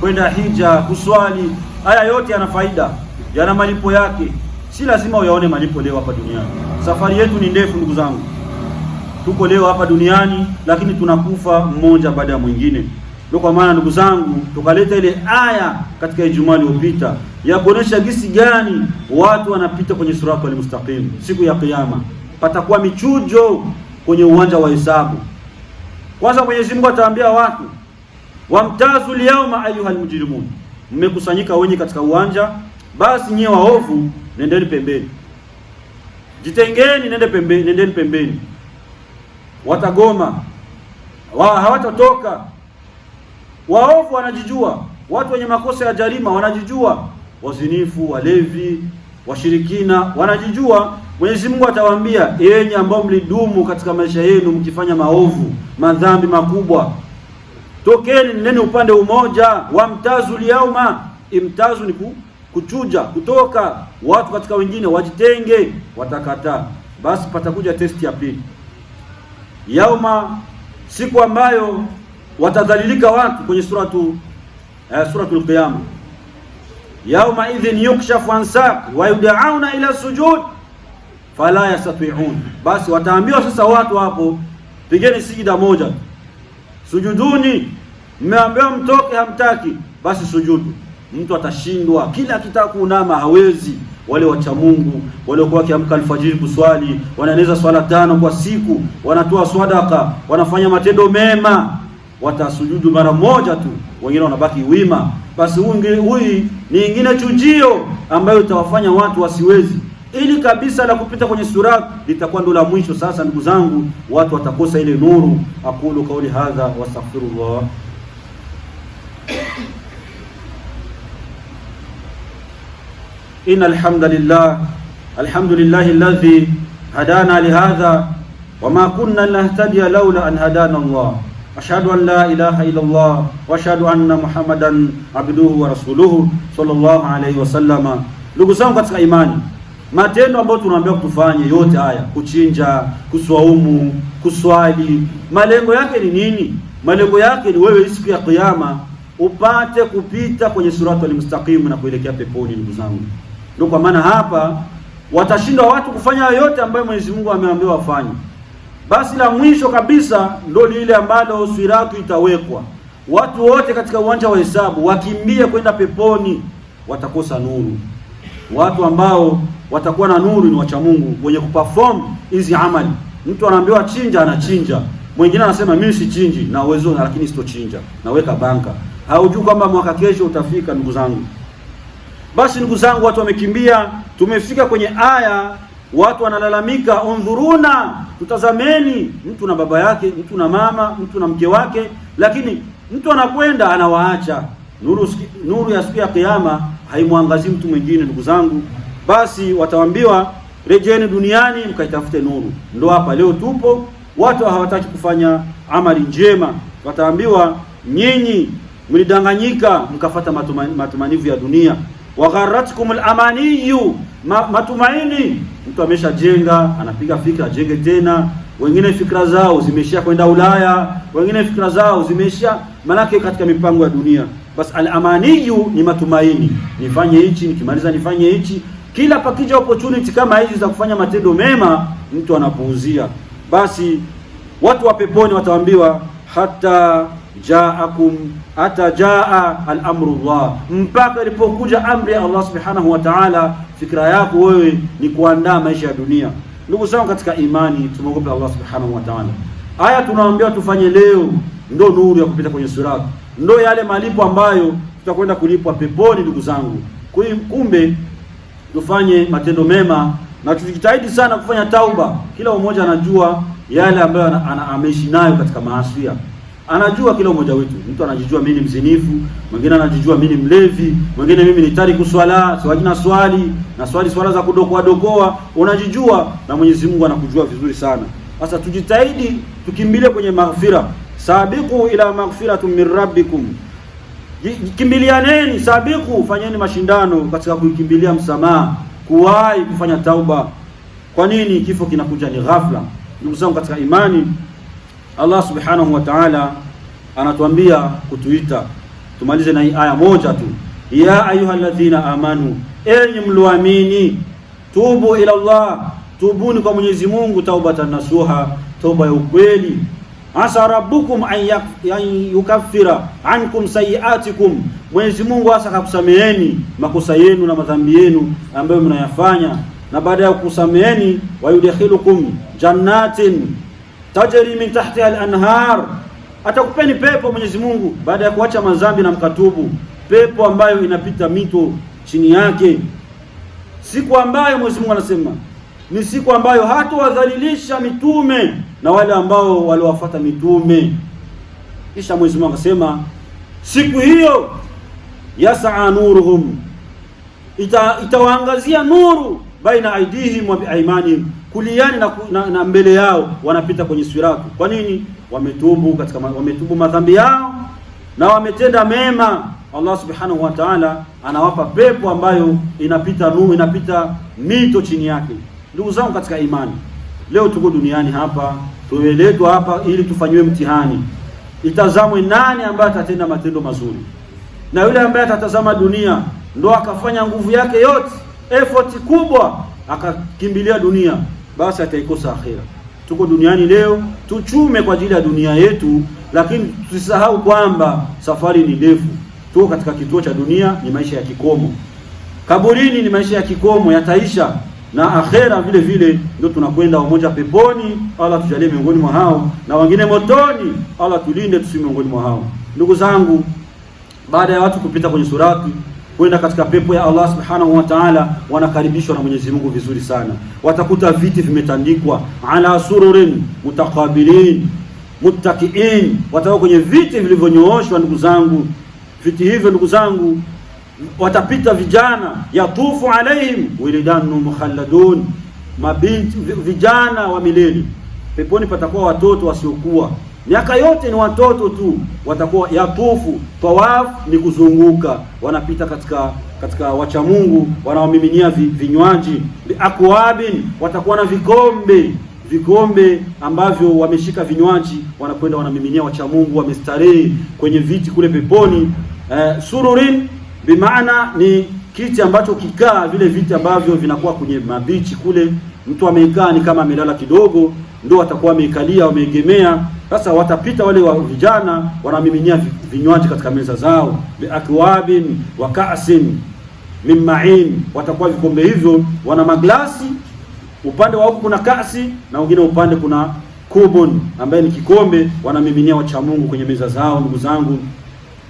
kwenda hija, kuswali, haya yote yana faida, yana malipo yake. Si lazima uyaone malipo leo hapa duniani. Safari yetu ni ndefu, ndugu zangu. Tuko leo hapa duniani, lakini tunakufa mmoja baada ya mwingine. Ndio kwa maana ndugu zangu, tukaleta ile aya katika Ijumaa iliyopita ya kuonesha gisi gani watu wanapita kwenye sirati almustaqim. Siku ya Kiyama patakuwa michujo kwenye uwanja wa hesabu. Kwanza Mwenyezi Mungu ataambia watu wamtazu lyauma ayuha almujrimun, mmekusanyika wenye katika uwanja, basi nyie waovu nendeni pembeni, jitengeni, nende pembeni, nendeni pembeni. Watagoma wa hawatatoka. Waovu wanajijua, watu wenye makosa ya jarima wanajijua, wazinifu, walevi, washirikina wanajijua. Mwenyezi Mungu atawaambia, yenye ambao mlidumu katika maisha yenu mkifanya maovu, madhambi makubwa tokeni neni upande umoja. mtazu liyauma imtazu ni kuchuja, kutoka watu katika wengine, wajitenge. Watakataa. Basi patakuja testi ya pili, yauma, siku ambayo watadhalilika watu kwenye suratu eh, suratul Qiyama, yauma idhin yukshafu ansaq wa yudauna ila sujud fala yastati'un. Basi wataambiwa sasa watu hapo, pigeni sijida moja sujuduni mmeambiwa mtoke, hamtaki, basi sujudu. Mtu atashindwa, kila akitaka kuunama hawezi. Wale wacha Mungu waliokuwa wakiamka alfajiri kuswali, wanaeneza swala tano kwa siku, wanatoa swadaka, wanafanya matendo mema, watasujudu mara moja tu, wengine wanabaki wima. Basi huyi ni ingine chujio ambayo itawafanya watu wasiwezi ili kabisa la kupita kwenye sura litakuwa ndo la mwisho. Sasa ndugu zangu, watu watakosa ile nuru. Aqulu kauli hadha wastaghfirullah إن الحمد لله الحمد لله الذي هدانا لهذا وما كنا لنهتدي لولا أن هدانا الله أشهد أن لا إله إلا الله وأشهد أن Muhammadan abduhu wa rasuluhu sallallahu alayhi wasallam. Ndugu zangu katika imani, matendo ambayo tunaambiwa kutufanye yote haya, kuchinja, kuswaumu, kuswali, malengo yake ni nini? Malengo yake ni wewe siku ya Kiyama upate kupita kwenye sirati almustaqimu na kuelekea peponi. Ndugu zangu ndio kwa maana hapa watashindwa watu kufanya yote ambayo Mwenyezi Mungu ameambiwa wafanye. Basi la mwisho kabisa ndio lile ambalo siratu itawekwa, watu wote katika uwanja wa hesabu wakimbie kwenda peponi, watakosa nuru. Watu ambao watakuwa na nuru ni wacha Mungu, wenye kuperform hizi amali. Mtu anaambiwa chinja, anachinja. Mwingine anasema mimi sichinji, na uwezo lakini sitochinja, naweka banka. Haujui kwamba mwaka kesho utafika, ndugu zangu. Basi ndugu zangu, watu wamekimbia. Tumefika kwenye aya, watu wanalalamika, undhuruna, tutazameni. Mtu na baba yake, mtu na mama, mtu na mke wake, lakini mtu anakwenda anawaacha. Nuru, nuru ya siku ya Kiyama haimwangazii mtu mwingine. Ndugu zangu, basi watawambiwa rejeni duniani mkaitafute nuru. Ndo hapa leo tupo, watu hawataki kufanya amali njema. Wataambiwa nyinyi mlidanganyika, mkafata matumanivu ya dunia wagharatkum alamaniyu ma, matumaini. Mtu ameshajenga anapiga fikra ajenge tena. Wengine fikra zao zimeishia kwenda Ulaya, wengine fikra zao zimeishia manake katika mipango ya dunia. Basi alamaniyu ni matumaini, nifanye hichi, nikimaliza nifanye hichi. Kila pakija opportunity kama hizi za kufanya matendo mema, mtu anapuuzia, basi watu wa peponi watawambiwa hata jaakum hata jaa al mpaka ilipokuja amri ya Allah subhanahu wa ta'ala. yako wewe ni kuandaa maisha ya dunia. Ndugu zangu katika imani, tumwogope Allah subhanahu wa ta'ala. Haya tunaambiwa tufanye leo ndo nuru ya kupita kwenye sirati, ndo yale malipo ambayo tutakwenda kulipwa peponi. Ndugu zangu, kumbe tufanye matendo mema na tujitahidi sana kufanya tauba. Kila mmoja anajua yale ambayo ana, ameishi nayo katika maasia anajua kila mmoja wetu. Mtu anajijua mimi ni mzinifu, mwingine anajijua mimi ni mlevi, mwingine mimi ni tari kuswala, siwaji na swali, na swali swala za kudokoa dokoa, unajijua na Mwenyezi Mungu anakujua vizuri sana. Sasa tujitahidi tukimbilie kwenye maghfira. Sabiqu ila maghfiratum min rabbikum. Kimbilianeni, sabiqu, fanyeni mashindano katika kuikimbilia msamaha, kuwahi kufanya tauba. Kwa nini kifo kinakuja ni ghafla? Ndugu zangu katika imani Allah subhanahu wa ta'ala anatuambia kutuita, tumalize na hii aya moja tu, ya ayuha alladhina amanu, enyi mlioamini, tubu ila Allah, tubuni kwa Mwenyezi Mungu, taubatan nasuha, tauba ya ukweli Asa rabbukum an yukaffira ankum sayiatikum, Mwenyezi Mungu asa akakusameheni makosa yenu na madhambi yenu ambayo mnayafanya, na baada ya kukusameheni, wayudkhilukum jannatin tajri min tahtiha al-anhar, atakupeni pepo Mwenyezi Mungu baada ya kuacha madhambi na mkatubu, pepo ambayo inapita mito chini yake. Siku ambayo Mwenyezi Mungu anasema ni siku ambayo hatuwadhalilisha mitume na wale ambao waliwafuata mitume. Kisha Mwenyezi Mungu akasema siku hiyo yasaa nuruhum, itawaangazia ita nuru baina aidihim wa biaimanihim kuliani na, na, na mbele yao wanapita kwenye siraku. Kwa nini? Wametubu katika wametubu madhambi yao na wametenda mema. Allah subhanahu wa ta'ala anawapa pepo ambayo inapita nuru, inapita mito chini yake. Ndugu zangu katika imani, leo tuko duniani hapa, tumeletwa hapa ili tufanyiwe mtihani, itazamwe nani ambaye atatenda matendo mazuri, na yule ambaye atatazama dunia ndo akafanya nguvu yake yote effort kubwa akakimbilia dunia basi ataikosa akhira. Tuko duniani leo, tuchume kwa ajili ya dunia yetu, lakini tusisahau kwamba safari ni ndefu. Tuko katika kituo cha dunia, ni maisha ya kikomo. Kaburini ni maisha ya kikomo, yataisha na akhera vile vile, ndio tunakwenda wamoja peponi. Allah tujalie miongoni mwa hao, na wengine motoni. Allah tulinde tusi miongoni mwa hao. Ndugu zangu, baada ya watu kupita kwenye surati kwenda katika pepo ya Allah subhanahu wa ta'ala, wanakaribishwa na Mwenyezi Mungu vizuri sana. Watakuta viti vimetandikwa ala sururin mutakabilin muttakiin, watakuwa kwenye viti vilivyonyooshwa. Ndugu zangu, viti hivyo ndugu zangu, watapita vijana yatufu alaihim wilidanu mukhalladun, mabinti vijana wa milele. Peponi patakuwa watoto wasiokuwa miaka yote ni watoto tu, watakuwa yatufu. tawafu ni kuzunguka, wanapita katika katika wacha Mungu, wanawamiminia vi, vinywaji biakwabin, watakuwa na vikombe vikombe ambavyo wameshika vinywaji, wanakwenda wanamiminia wacha Mungu, wamestarehe kwenye viti kule peponi. Eh, sururin bimaana ni kiti ambacho kikaa, vile viti ambavyo vinakuwa kwenye mabichi kule, mtu ameikaa ni kama amelala kidogo, ndo watakuwa wameikalia, wameegemea sasa watapita wale wa vijana wanamiminia vinywaji katika meza zao, biakwabin wa ka'sin min ma'in, watakuwa vikombe hivyo wana maglasi, upande wa huku kuna kasi na wengine upande kuna kubun, ambaye ni kikombe, wanamiminia wachamungu Mungu kwenye meza zao. Ndugu zangu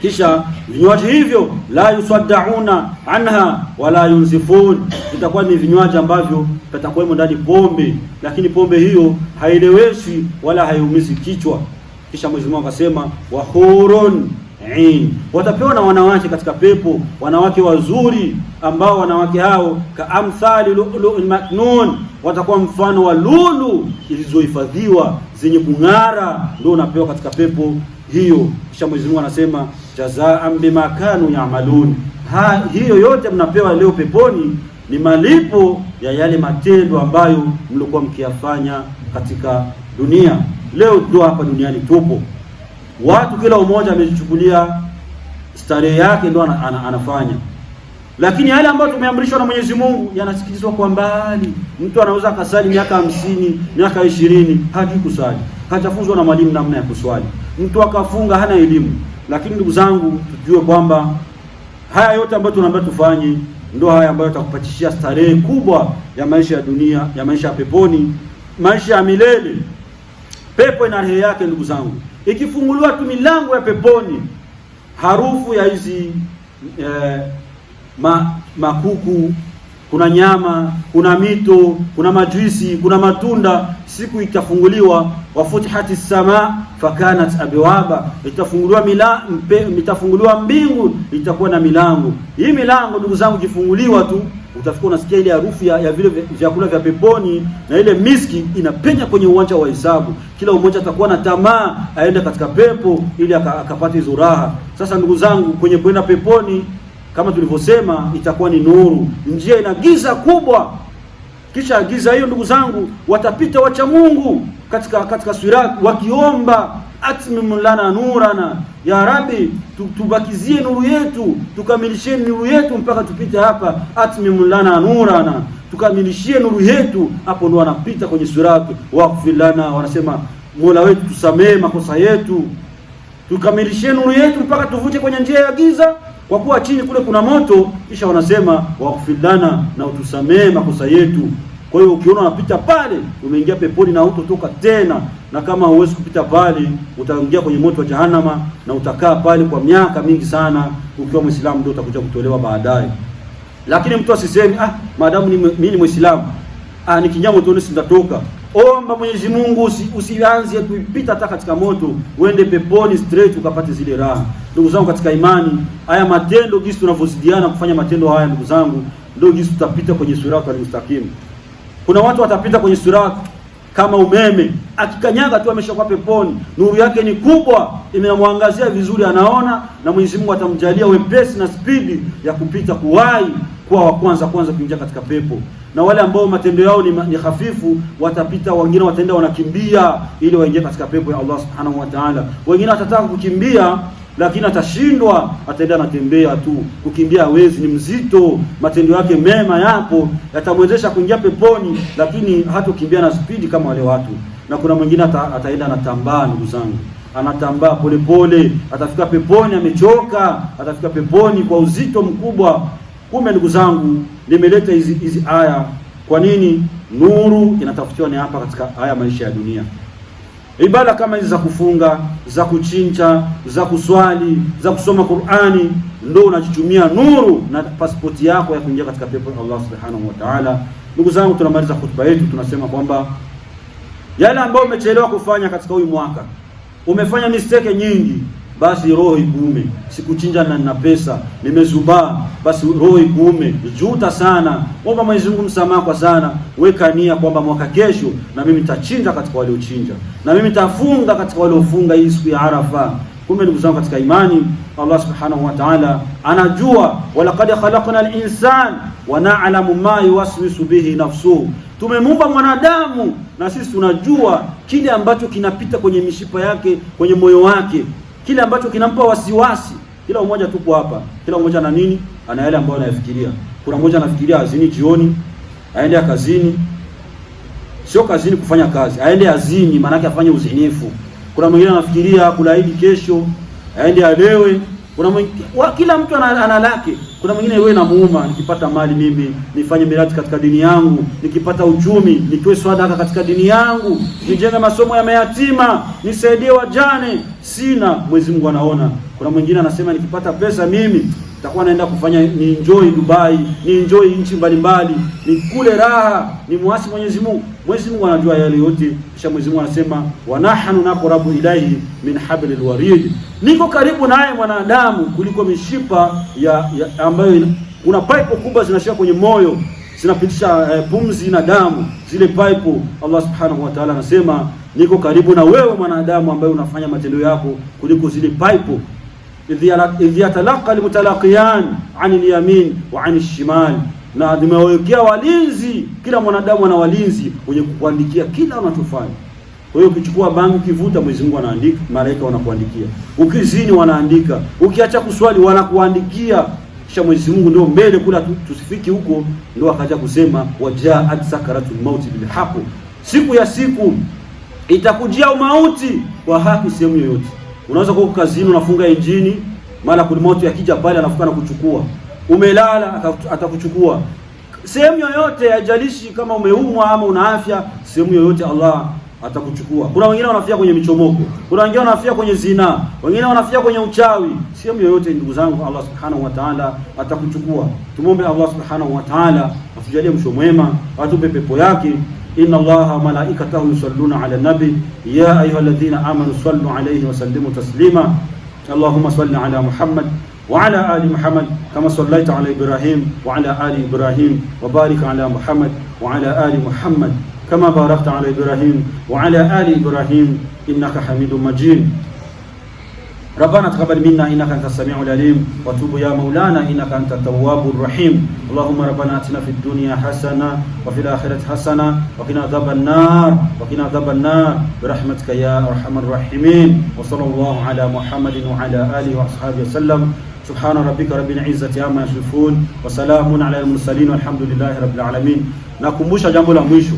kisha vinywaji hivyo la yusaddauna anha wala yunzifun, vitakuwa ni vinywaji ambavyo patakuwemo ndani pombe, lakini pombe hiyo haileweshi wala haiumizi kichwa. Kisha Mwenyezi Mungu akasema wa hurun ain, watapewa na wanawake katika pepo, wanawake wazuri ambao wanawake hao kaamthali lulu maknun, watakuwa mfano wa lulu zilizohifadhiwa zenye kung'ara, ndio unapewa katika pepo hiyo. Kisha Mwenyezi Mungu anasema jazaan bima kanu ha hiyo yote mnapewa leo peponi ni malipo ya yale matendo ambayo mlikuwa mkiyafanya katika dunia. Leo ndio hapa duniani tupo, watu kila umoja amejichukulia starehe yake ndio ana, ana, anafanya lakini yale ambayo tumeamrishwa na Mwenyezi Mungu yanasikilizwa kwa mbali. Mtu anaweza akasali miaka hamsini, miaka ishirini, hajui kusali, hajafunzwa na mwalimu namna ya kuswali mtu akafunga hana elimu. Lakini ndugu zangu, tujue kwamba haya yote ambayo tunaambia tufanye ndio haya ambayo yatakupatishia starehe kubwa ya maisha ya dunia, ya maisha ya peponi, maisha ya milele. Pepo ina rehe yake, ndugu zangu. Ikifunguliwa tu milango ya peponi, harufu ya hizi eh, ma, makuku kuna nyama, kuna mito, kuna majuisi, kuna matunda. Siku itafunguliwa wa futihati fakanat abwaba, itafunguliwa mila, itafunguliwa mbingu, itakuwa na milango. Hii milango ndugu zangu, ikifunguliwa tu utafika unasikia ile harufu ya, ya vile vyakula vya peponi na ile miski inapenya kwenye uwanja wa hesabu. Kila mmoja atakuwa na tamaa aende katika pepo ili akapate hizo raha. Sasa ndugu zangu, kwenye kwenda peponi kama tulivyosema, itakuwa ni nuru. Njia ina giza kubwa, kisha giza hiyo, ndugu zangu, watapita wacha Mungu katika katika sirat, wakiomba atmim lana nurana, ya Rabbi, tubakizie nuru yetu, tukamilishie nuru yetu mpaka tupite hapa. Atmim lana nurana, tukamilishie nuru yetu. Hapo ndo wanapita kwenye sirat, waqfir lana, wanasema Mola wetu, tusamee makosa yetu, tukamilishie nuru yetu mpaka tuvute kwenye njia ya giza kwa kuwa chini kule kuna moto, kisha wanasema waghfirlana, na utusamee makosa yetu. Kwa hiyo ukiona unapita pale, umeingia peponi na hutotoka tena, na kama huwezi kupita pale, utaingia kwenye moto wa jahanama na utakaa pale kwa miaka mingi sana. Ukiwa Muislamu ndio utakuja kutolewa baadaye. Lakini mtu asisemi ah, maadamu mimi ni Muislamu ah, nikinyamo tu nisitatoka Omba Mwenyezi Mungu usi, usianze kuipita hata katika moto, uende peponi straight ukapate zile raha. Ndugu zangu katika imani, haya matendo jinsi tunavyozidiana kufanya matendo haya, ndugu zangu, ndio jinsi tutapita kwenye sirata al-mustaqim. Kuna watu watapita kwenye sirata kama umeme, akikanyaga tu ameshakuwa peponi. Nuru yake ni kubwa, imemwangazia vizuri, anaona, na Mwenyezi Mungu atamjalia wepesi na spidi ya kupita, kuwahi kuwa wa kwanza kwanza kuingia katika pepo na wale ambao matendo yao ni, ni hafifu watapita, wengine wataenda wanakimbia ili waingie katika pepo ya Allah subhanahu wa ta'ala. Wengine watataka kukimbia lakini atashindwa, ataenda anatembea tu, kukimbia hawezi, ni mzito. Matendo yake mema yapo yatamwezesha kuingia peponi, lakini hatokimbia na spidi kama wale watu. Na kuna mwingine ata, ataenda anatambaa, ndugu zangu, anatambaa polepole, atafika peponi amechoka, atafika peponi kwa uzito mkubwa Kumbe ndugu zangu, nimeleta hizi hizi aya. Kwa nini? Nuru inatafutiwa ni hapa katika haya maisha ya dunia. Ibada kama hizi za kufunga, za kuchinja, za kuswali, za kusoma Qur'ani, ndio unajitumia nuru na pasipoti yako ya kuingia katika pepo Allah subhanahu wa ta'ala. Ndugu zangu, tunamaliza hotuba yetu, tunasema kwamba yale ambayo umechelewa kufanya katika huyu mwaka, umefanya mistake nyingi basi roho ikuume, sikuchinja na pesa, nimezubaa, basi roho ikuume, juta sana, omba Mwenyezi Mungu msamaha kwa sana. Weka nia kwamba mwaka kesho na mimi nitachinja katika waliochinja, na mimi nitafunga katika waliofunga hii siku ya Arafa. Kumbe ndugu zangu katika imani, Allah subhanahu wa ta'ala anajua, walaqad khalaqna al-insan wa na'lamu ma yuwaswisu bihi nafsuhu, tumemumba mwanadamu na sisi tunajua kile ambacho kinapita kwenye mishipa yake, kwenye moyo wake kile ambacho kinampa wasiwasi. Kila mmoja tupo hapa, kila mmoja na nini, ana yale ambayo anayafikiria. Kuna mmoja anafikiria azini jioni, aende kazini, sio kazini kufanya kazi, aende azini, maanake afanye uzinifu. Kuna mwingine anafikiria kulaidi kesho, aende alewe kuna mwingine, wa, kila mtu ana, ana lake. Kuna mwingine wewe namuuma, nikipata mali mimi nifanye miradi katika dini yangu, nikipata uchumi nitoe swadaka katika dini yangu, nijenge masomo ya mayatima, nisaidie wajane. Sina, Mwenyezi Mungu anaona. Kuna mwingine anasema nikipata pesa mimi nitakuwa naenda kufanya ni enjoy Dubai, ni enjoy nchi mbalimbali, ni kule raha, ni muasi Mwenyezi Mungu. Mwenyezi Mungu anajua yale yote, kisha Mwenyezi Mungu anasema wa nahnu naqrabu ilaihi min hablil warid, niko karibu naye mwanadamu kuliko mishipa ya, ya ambayo kuna pipe kubwa zinashika kwenye moyo zinapitisha eh, pumzi na damu zile pipe. Allah subhanahu wa ta'ala anasema niko karibu na wewe mwanadamu ambaye unafanya matendo yako kuliko zile pipe idh yatalaqa almutalaqiyan an alyamin wa an alshimal, na nimewawekea walinzi, kila mwanadamu ana walinzi wenye kukuandikia kila unachofanya. Kwa hiyo ukichukua bangi ukivuta, Mwenyezi Mungu anaandika, malaika wanakuandikia. Ukizini wanaandika, ukiacha kuswali wanakuandikia. Kisha Mwenyezi Mungu ndio mbele kula tusifiki huko, ndio akaja kusema wajaat sakaratul mauti bilhaq, siku ya siku itakujia umauti kwa haki sehemu yoyote Unaweza kuwa kazini unafunga injini, mara kuna moto yakija pale anafuka na kuchukua. Umelala atakuchukua. Sehemu yoyote, haijalishi kama umeumwa ama una afya, sehemu yoyote Allah atakuchukua. Kuna wengine wanafia kwenye michomoko, kuna wengine wanafia kwenye zina, wengine wanafia kwenye uchawi. Sehemu yoyote ndugu zangu, Allah subhanahu wa ta'ala atakuchukua. Tumwombe Allah subhanahu wa ta'ala atujalie msho mwema, atupe pepo yake. إن الله وملائكته يصلون على النبي يا أيها الذين آمنوا صلوا عليه وسلموا تسليما اللهم صل على محمد وعلى آل محمد كما صليت على إبراهيم وعلى آل إبراهيم وبارك على محمد وعلى آل محمد كما باركت على إبراهيم وعلى آل إبراهيم إنك حميد مجيد ربنا تقبل منا انك انت السميع العليم وتوب يا مولانا انك انت التواب الرحيم اللهم ربنا اتنا في الدنيا حسنه وفي الاخره حسنه وقنا عذاب النار وقنا عذاب النار برحمتك يا ارحم الراحمين وصلى الله على محمد وعلى اله واصحابه وسلم سبحان ربك رب العزه عما يصفون وسلام على المرسلين والحمد لله رب العالمين نكمش jambo la ولا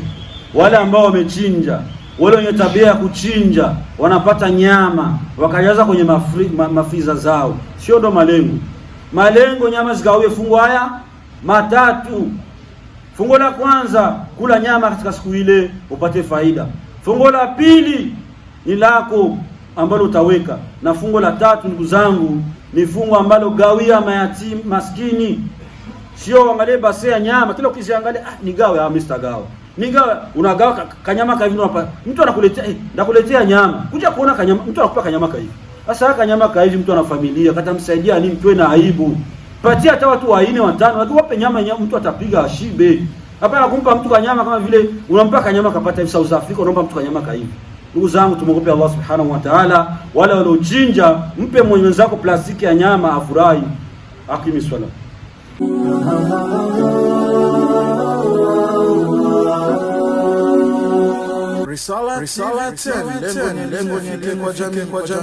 wale ambao wamechinja wale wenye tabia ya kuchinja wanapata nyama wakajaza kwenye mafri, ma, mafriza zao. Sio ndo malengo? Malengo nyama zikawe fungo haya matatu. Fungo la kwanza kula nyama katika siku ile upate faida. Fungo la pili ni lako ambalo utaweka, na fungo la tatu, ndugu zangu, ni fungo ambalo gawia mayatimu maskini. Sio angalie basi ya nyama kila ukiziangalia, ah, ni gawe ah, Mr. sitagawa Niga unagawa kanyama kavi hapa. Mtu anakuletea eh, ndakuletea nyama. Kuja kuona kanyama, mtu anakupa kanyama kavi. hivi. Sasa kanyama ka hivi mtu ana familia, kata msaidia nini mtu ana aibu. Patia hata watu wa nne watano, wape nyama nyama mtu atapiga ashibe. Hapana kumpa mtu kanyama kama vile unampa kanyama kapata hivi South Africa unaomba mtu kanyama kavi. Ndugu zangu tumuogope Allah Subhanahu wa Ta'ala, wale wanaochinja mpe mwenzako plastiki ya nyama afurahi. Akimi swala. risala risala tena lengo ni lengo fike kwa jamii